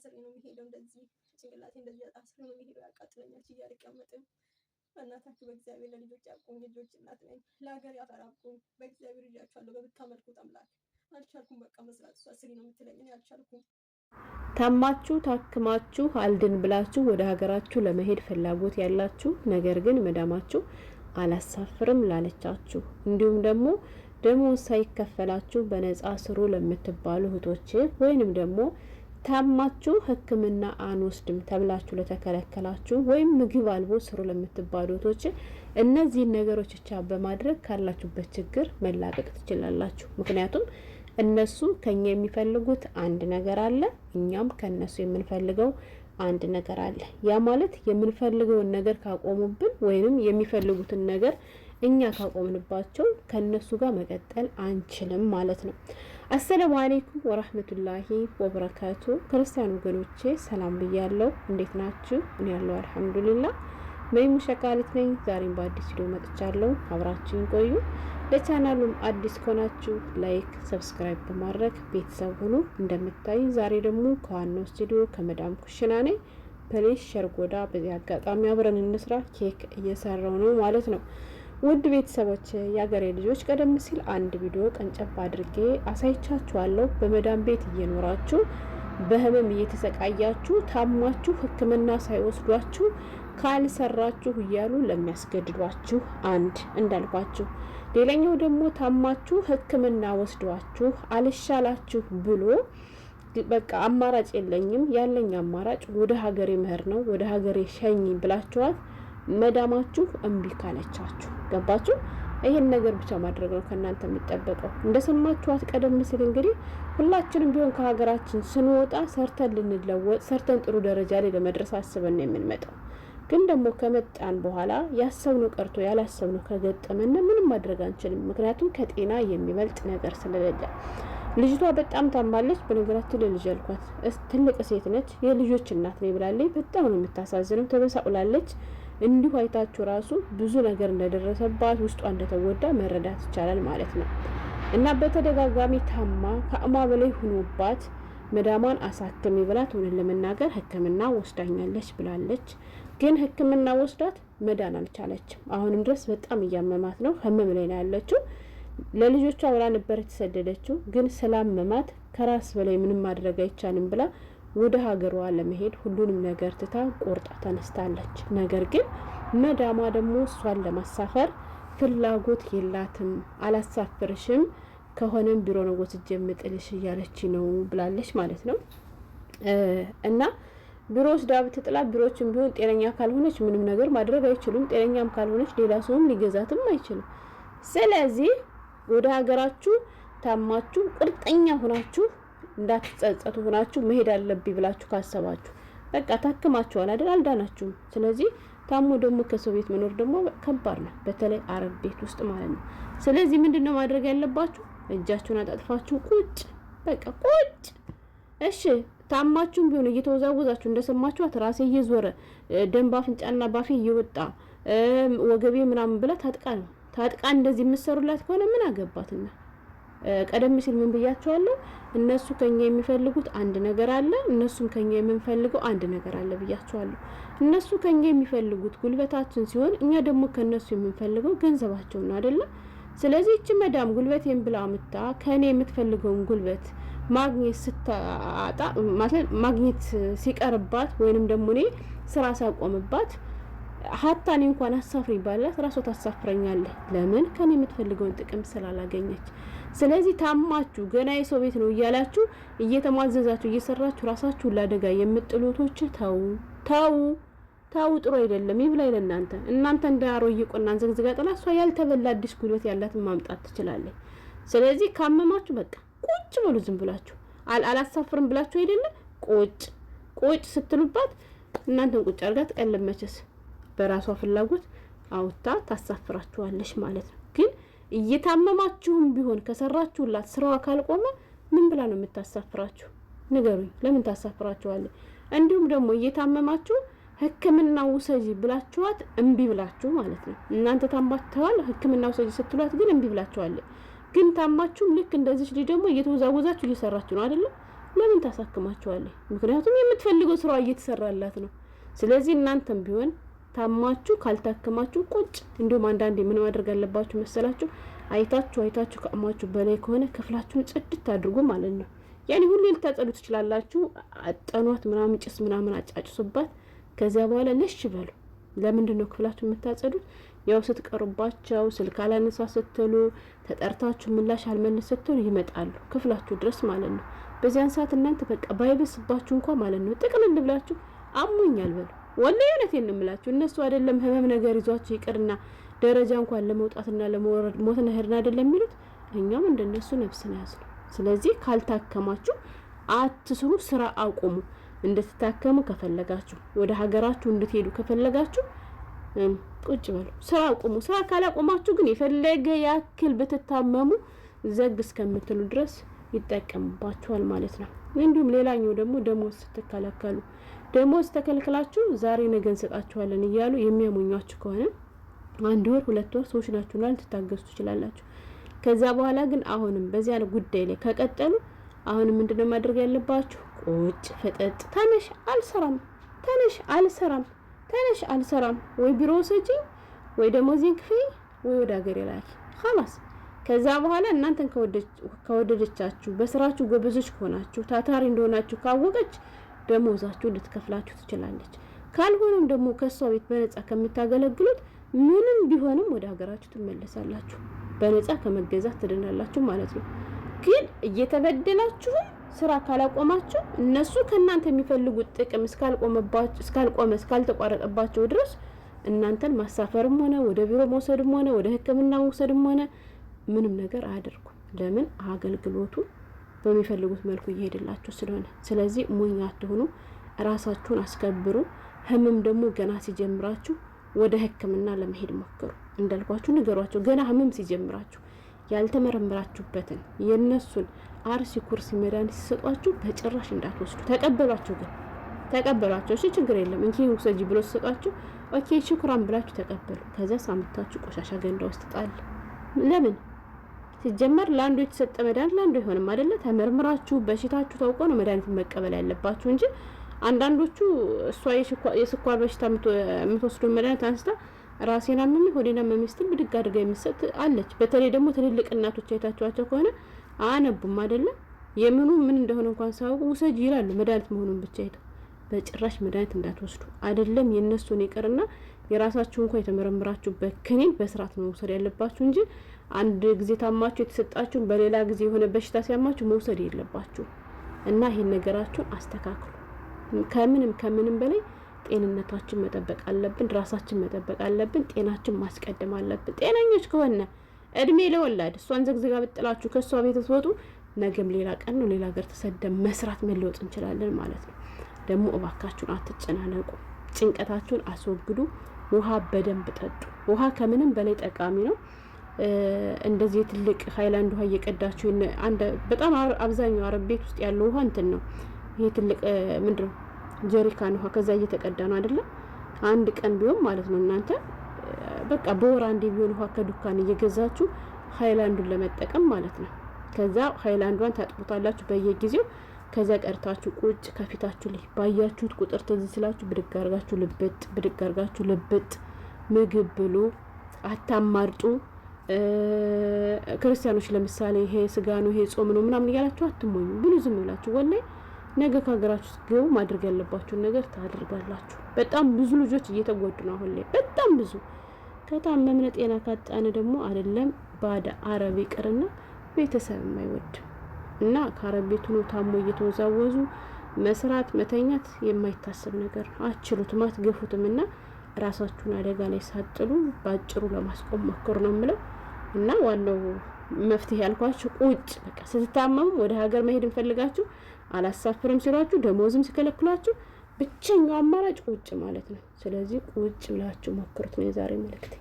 እያዘለኝ ነው የሚሄደው። እንደዚህ ጭንቅላቴ እንደዚህ አጣፍስሎ ነው የሚሄደው። ያቃጥለኛል ችዬ አልቀመጥም። በእናታችሁ በእግዚአብሔር ለልጆች አቁም። የልጆች እናት ነኝ። ለሀገር ያፈር አቁም። በእግዚአብሔር እያችኋለሁ። በምታመልኩት አምላክ አልቻልኩም። በቃ መስራት እሷ ስሪ ነው የምትለኝ። እኔ አልቻልኩም። ታማችሁ ታክማችሁ አልድን ብላችሁ ወደ ሀገራችሁ ለመሄድ ፍላጎት ያላችሁ ነገር ግን መዳማችሁ አላሳፍርም ላለቻችሁ እንዲሁም ደግሞ ደሞዝ ሳይከፈላችሁ በነጻ ስሩ ለምትባሉ እህቶች ወይንም ደግሞ ታማችሁ ሕክምና አንወስድም ተብላችሁ ለተከለከላችሁ ወይም ምግብ አልቦ ስሩ ለምትባሉ እህቶች እነዚህን ነገሮች ብቻ በማድረግ ካላችሁበት ችግር መላቀቅ ትችላላችሁ። ምክንያቱም እነሱ ከኛ የሚፈልጉት አንድ ነገር አለ፣ እኛም ከነሱ የምንፈልገው አንድ ነገር አለ። ያ ማለት የምንፈልገውን ነገር ካቆሙብን ወይንም የሚፈልጉትን ነገር እኛ ካቆምንባቸው ከነሱ ጋር መቀጠል አንችልም ማለት ነው። አሰላሙ አሌይኩም ወራህመቱላሂ ወበረካቱ። ክርስቲያን ወገኖቼ ሰላም ብያለሁ። እንዴት ናችሁ? እኔ ያለው አልሐምዱሊላ መይሙ ሸቃሊት ነኝ። ዛሬም በአዲስ ቪዲዮ መጥቻለሁ። አብራችሁን ቆዩ። ለቻናሉም አዲስ ከሆናችሁ ላይክ፣ ሰብስክራይብ በማድረግ ቤተሰብ ሁኑ። እንደምታዩ ዛሬ ደግሞ ከዋናው ስቱዲዮ ከመዳም ኩሽና ነኝ። ፕሌስ ሸርጎዳ በዚህ አጋጣሚ አብረን እንስራ ኬክ እየሰራው ነው ማለት ነው። ውድ ቤተሰቦች የአገሬ ልጆች ቀደም ሲል አንድ ቪዲዮ ቀንጨብ አድርጌ አሳይቻችኋለሁ። በመዳን ቤት እየኖራችሁ በህመም እየተሰቃያችሁ ታማችሁ ሕክምና ሳይወስዷችሁ ካልሰራችሁ እያሉ ለሚያስገድዷችሁ አንድ እንዳልኳችሁ፣ ሌላኛው ደግሞ ታማችሁ ሕክምና ወስዷችሁ አልሻላችሁ ብሎ በቃ አማራጭ የለኝም ያለኝ አማራጭ ወደ ሀገሬ ምህር ነው ወደ ሀገሬ ሸኝ ብላችኋል። መዳማችሁ እምቢ ካለቻችሁ ገባችሁ። ይህን ነገር ብቻ ማድረግ ነው ከእናንተ የሚጠበቀው። እንደሰማችኋት ቀደም ሲል እንግዲህ ሁላችንም ቢሆን ከሀገራችን ስንወጣ ሰርተን ልንለወጥ ሰርተን ጥሩ ደረጃ ላይ ለመድረስ አስበን ነው የምንመጣው። ግን ደግሞ ከመጣን በኋላ ያሰብነው ቀርቶ ያላሰብነው ከገጠመን ምንም ማድረግ አንችልም። ምክንያቱም ከጤና የሚበልጥ ነገር ስለሌለ ልጅቷ በጣም ታማለች። በነገራችን ለልጅ ያልኳት ትልቅ ሴት ነች፣ የልጆች እናት ነው ይብላለች። በጣም ነው የምታሳዝነው። ተበሳቁላለች። እንዲሁ አይታችሁ ራሱ ብዙ ነገር እንደደረሰባት ውስጧ እንደተጎዳ መረዳት ይቻላል ማለት ነው። እና በተደጋጋሚ ታማ ከአቅሟ በላይ ሆኖባት መዳሟን አሳክሚ ብላት ሆነን ለመናገር ሕክምና ወስዳኛለች ብላለች። ግን ሕክምና ወስዳት መዳን አልቻለችም። አሁንም ድረስ በጣም እያመማት ነው። ህመም ላይ ነው ያለችው። ለልጆቿ ብላ ነበር የተሰደደችው። ግን ስላመማት ከራስ በላይ ምንም ማድረግ አይቻልም ብላ ወደ ሀገሯ ለመሄድ ሁሉንም ነገር ትታ ቆርጣ ተነስታለች። ነገር ግን መዳሟ ደግሞ እሷን ለማሳፈር ፍላጎት የላትም። አላሳፍርሽም፣ ከሆነም ቢሮ ነው ወስጄ የምጥልሽ እያለች ነው ብላለች ማለት ነው እና ቢሮ ውስዳ ብትጥላ ቢሮዎችን ቢሆን ጤነኛ ካልሆነች ምንም ነገር ማድረግ አይችሉም። ጤነኛም ካልሆነች ሌላ ሰውም ሊገዛትም አይችልም። ስለዚህ ወደ ሀገራችሁ ታማችሁ ቁርጠኛ ሆናችሁ እንዳትጸጸቱ ሆናችሁ መሄድ አለብኝ ብላችሁ ካሰባችሁ በቃ ታክማችኋል አይደል? አልዳናችሁም። ስለዚህ ታሞ ደግሞ ከሰው ቤት መኖር ደግሞ ከባድ ነው፣ በተለይ አረብ ቤት ውስጥ ማለት ነው። ስለዚህ ምንድን ነው ማድረግ ያለባችሁ? እጃችሁን አጣጥፋችሁ ቁጭ በቃ ቁጭ። እሺ ታማችሁም ቢሆን እየተወዛወዛችሁ እንደሰማችኋት ራሴ እየዞረ ደም ባፍንጫና ባፌ እየወጣ ወገቤ ምናምን ብላ ታጥቃ ነው ታጥቃ እንደዚህ የምትሰሩላት ከሆነ ምን አገባትና ቀደም ሲል ምን ብያቸዋለሁ? እነሱ ከኛ የሚፈልጉት አንድ ነገር አለ፣ እነሱም ከኛ የምንፈልገው አንድ ነገር አለ ብያቸዋለሁ። እነሱ ከኛ የሚፈልጉት ጉልበታችን ሲሆን እኛ ደግሞ ከእነሱ የምንፈልገው ገንዘባቸው ነው አይደለም። ስለዚህ እቺ መዳም ጉልበቴን ብላ ምታ ከእኔ የምትፈልገውን ጉልበት ማግኘት ስታጣ ማግኘት ሲቀርባት ወይንም ደግሞ እኔ ስራ ሲያቆምባት ሀታ እኔ እንኳን አሳፍሪ ባላት ራሷ ታሳፍረኛለህ። ለምን ከኔ የምትፈልገውን ጥቅም ስላላገኘች። ስለዚህ ታማችሁ ገና የሰው ቤት ነው እያላችሁ እየተሟዘዛችሁ እየሰራችሁ ራሳችሁን ላደጋ የምጥሉቶች ተው ተው ተው። ጥሩ አይደለም። ይብላኝ ለእናንተ እናንተ እንደ አሮጌ ዘግዝጋ ጥላ እሷ ያልተበላ አዲስ ጉልበት ያላትን ማምጣት ትችላለች። ስለዚህ ካመማችሁ በቃ ቁጭ በሉ። ዝም ብላችሁ አላሳፍርም ብላችሁ አይደለም ቁጭ ቁጭ ስትሉባት እናንተን ቁጭ አድርጋ ትቀልብ መቼስ በራሷ ፍላጎት አውጥታ ታሳፍራችኋለች ማለት ነው። ግን እየታመማችሁም ቢሆን ከሰራችሁላት ስራዋ ካልቆመ ምን ብላ ነው የምታሳፍራችሁ? ንገሩኝ። ለምን ታሳፍራችኋለች? እንዲሁም ደግሞ እየታመማችሁ ሕክምና ውሰጂ ብላችኋት እምቢ ብላችሁ ማለት ነው። እናንተ ታማችኋል፣ ሕክምና ውሰጂ ስትሏት ግን እምቢ ብላችኋለች። ግን ታማችሁም ልክ እንደዚች ልጅ ደግሞ እየተወዛወዛችሁ እየሰራችሁ ነው አይደለም? ለምን ታሳክማችኋለች? ምክንያቱም የምትፈልገው ስራዋ እየተሰራላት ነው። ስለዚህ እናንተም ቢሆን ታማችሁ ካልታከማችሁ ቁጭ። እንዲሁም አንዳንዴ ምን ማድረግ አለባችሁ መሰላችሁ? አይታችሁ አይታችሁ ከአቅማችሁ በላይ ከሆነ ክፍላችሁን ጽድት አድርጉ ማለት ነው። ያኔ ሁሌ ልታጸዱ ትችላላችሁ። አጠኗት ምናምን ጭስ ምናምን አጫጭሱባት። ከዚያ በኋላ ለሽ በሉ። ለምንድን ነው ክፍላችሁ የምታጸዱት? ያው ስትቀሩባቸው፣ ስልክ አላነሳ ስትሉ፣ ተጠርታችሁ ምላሽ አልመለስ ስትሉ ይመጣሉ ክፍላችሁ ድረስ ማለት ነው። በዚያን ሰዓት እናንተ በቃ ባይበስባችሁ እንኳ ማለት ነው ጥቅልል ብላችሁ አሞኛል በሉ። ወላሂ እውነቴን ነው የምላችሁ። እነሱ አይደለም ህመም ነገር ይዟቸው ይቅርና ደረጃ እንኳን ለመውጣትና ለመወረድ ሞት ነህርን አይደለም የሚሉት እኛም እንደነሱ ነፍስ ናያዝ ነው። ስለዚህ ካልታከማችሁ አትስሩ፣ ስራ አቁሙ። እንድትታከሙ ከፈለጋችሁ ወደ ሀገራችሁ እንድትሄዱ ከፈለጋችሁ ቁጭ በሉ፣ ስራ አቁሙ። ስራ ካላቆማችሁ ግን የፈለገ ያክል ብትታመሙ ዘግ እስከምትሉ ድረስ ይጠቀምባችኋል ማለት ነው። እንዲሁም ሌላኛው ደግሞ ደሞዝ ስትከለከሉ ደሞዝ ተከልክላችሁ ዛሬ ነገ እንሰጣችኋለን እያሉ የሚያሞኟችሁ ከሆነ አንድ ወር ሁለት ወር ሰዎች ናችሁና ልትታገሱ ትችላላችሁ። ከዛ በኋላ ግን አሁንም በዚያ ጉዳይ ላይ ከቀጠሉ አሁንም ምንድነው ማድረግ ያለባችሁ? ቁጭ ፍጠጥ፣ ተነሽ አልሰራም፣ ተነሽ አልሰራም፣ ተነሽ አልሰራም፣ ወይ ቢሮ ውሰጂኝ፣ ወይ ደሞዜን ክፈይ፣ ወይ ወደ ሀገር ይላል ኸላስ። ከዛ በኋላ እናንተን ከወደደቻችሁ፣ በስራችሁ ጎበዞች ከሆናችሁ፣ ታታሪ እንደሆናችሁ ካወቀች ደሞዛችሁ ልትከፍላችሁ ትችላለች። ካልሆነም ደግሞ ከእሷ ቤት በነጻ ከምታገለግሉት ምንም ቢሆንም ወደ ሀገራችሁ ትመለሳላችሁ። በነጻ ከመገዛት ትድናላችሁ ማለት ነው። ግን እየተበደላችሁም ስራ ካላቆማችሁ እነሱ ከእናንተ የሚፈልጉት ጥቅም እስካልቆመ እስካልተቋረጠባቸው ድረስ እናንተን ማሳፈርም ሆነ ወደ ቢሮ መውሰድም ሆነ ወደ ሕክምና መውሰድም ሆነ ምንም ነገር አያደርጉም። ለምን አገልግሎቱ በሚፈልጉት መልኩ እየሄደላችሁ ስለሆነ፣ ስለዚህ ሞኝ አትሆኑ፣ ራሳችሁን አስከብሩ። ህመም ደግሞ ገና ሲጀምራችሁ ወደ ህክምና ለመሄድ ሞክሩ። እንዳልኳችሁ ንገሯቸው። ገና ህመም ሲጀምራችሁ ያልተመረምራችሁበትን የእነሱን አርሲ ኩርሲ መድኃኒት ሲሰጧችሁ በጭራሽ እንዳትወስዱ። ተቀበሏቸው ግን ተቀበሏቸው። እሺ ችግር የለም እንኪ ውሰጂ ብሎ ሲሰጧችሁ ኦኬ ሽኩራን ብላችሁ ተቀበሉ። ከዚያ ሳምታችሁ ቆሻሻ ገንዳ ውስጥ ጣል። ለምን ሲጀመር ለአንዱ የተሰጠ መድኃኒት ለአንዱ አይሆንም አይደለ? ተመርምራችሁ በሽታችሁ ታውቆ ነው መድኃኒት መቀበል ያለባችሁ እንጂ አንዳንዶቹ እሷ የስኳር በሽታ የምትወስዱ መድኃኒት አንስታ ራሴን አመመኝ ሆዴን አመመኝ ስትል ብድግ አድርጋ የምትሰጥ አለች። በተለይ ደግሞ ትልልቅ እናቶች አይታችኋቸው ከሆነ አነቡም አይደለም የምኑ ምን እንደሆነ እንኳን ሳያውቁ ውሰጅ ይላሉ። መድኃኒት መሆኑን ብቻ አይተው በጭራሽ መድኃኒት እንዳትወስዱ አይደለም የእነሱን ይቅርና የራሳችሁ እንኳ የተመረምራችሁበት ክኒን በስርዓት መውሰድ ያለባችሁ እንጂ አንድ ጊዜ ታማችሁ የተሰጣችሁን በሌላ ጊዜ የሆነ በሽታ ሲያማችሁ መውሰድ የለባችሁ እና ይህን ነገራችሁን አስተካክሉ። ከምንም ከምንም በላይ ጤንነታችን መጠበቅ አለብን። ራሳችን መጠበቅ አለብን። ጤናችን ማስቀደም አለብን። ጤነኞች ከሆነ እድሜ ለወላድ እሷን ዘግዝጋ ብጥላችሁ ከእሷ ቤት ስወጡ ነገም ሌላ ቀን ነው። ሌላ ሀገር ተሰደም መስራት መለወጥ እንችላለን ማለት ነው። ደግሞ እባካችሁን አትጨናነቁ። ጭንቀታችሁን አስወግዱ። ውሃ በደንብ ጠጡ። ውሃ ከምንም በላይ ጠቃሚ ነው። እንደዚህ ትልቅ ሀይላንድ ውሃ እየቀዳችሁ በጣም አብዛኛው አረብ ቤት ውስጥ ያለው ውሃ እንትን ነው። ይሄ ትልቅ ምንድን ነው ጀሪካን ውሃ ከዛ እየተቀዳ ነው አይደለም። አንድ ቀን ቢሆን ማለት ነው እናንተ በቃ በወር አንዴ ቢሆን ውሃ ከዱካን እየገዛችሁ ሀይላንዱን ለመጠቀም ማለት ነው። ከዛ ሀይላንዷን ታጥቦታላችሁ በየጊዜው ከዚያ ቀርታችሁ ቁጭ ከፊታችሁ ላይ ባያችሁት ቁጥር ትዝ ስላችሁ ብድግ አርጋችሁ ልብጥ፣ ብድግ አርጋችሁ ልብጥ። ምግብ ብሉ፣ አታማርጡ። ክርስቲያኖች ለምሳሌ ይሄ ስጋ ነው ይሄ ጾም ነው ምናምን እያላችሁ አትሞኙ፣ ብሉ ዝም ብላችሁ። ወላይ ነገ ከሀገራችሁ ስትገቡ ማድረግ ያለባችሁን ነገር ታደርጋላችሁ። በጣም ብዙ ልጆች እየተጎዱ ነው አሁን ላይ በጣም ብዙ። ከታመምነ ጤና ካጣነ ደግሞ አይደለም ባዳ አረብ ይቅርና ቤተሰብ የማይወድ እና ከአረብ ነው ታሞ እየተወዛወዙ መስራት መተኛት የማይታሰብ ነገር ነው። አችሉትም አትገፉትም እና ራሳችሁን አደጋ ላይ ሳጥሉ በአጭሩ ለማስቆም ሞክሩ ነው የምለው እና ዋናው መፍትሄ ያልኳችሁ ቁጭ በቃ ስትታመሙ ወደ ሀገር መሄድ እንፈልጋችሁ አላሳፍርም ሲሏችሁ ደሞዝም ሲከለክሏችሁ ብቸኛው አማራጭ ቁጭ ማለት ነው። ስለዚህ ቁጭ ብላችሁ ሞክሩት ነው የዛሬ መልእክቴ።